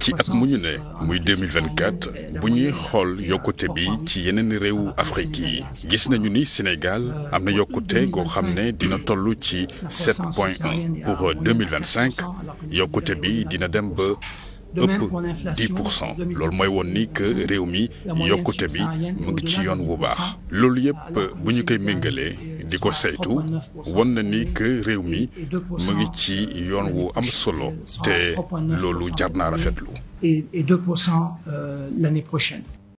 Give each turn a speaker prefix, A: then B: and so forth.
A: ci at mu ñu
B: ne euh, muy 2024 bu ñuy xool yokkute bi ci yeneen réewu Afrique yi gis nañu ni Sénégal euh, am na yokkute goo xam ne dina toll ci 7 point 1 pour 2025 yokkute bi dina dem ba ëpp 10 pour loolu mooy woon ni que réew mi yokkute bi mu ngi ci yoon bu baax loolu yëpp bu ñu koy méngalee di ko saytu won na ni que réew mi mu ngi ci yoon wu am solo te loolu jar naa rafetlu.
C: et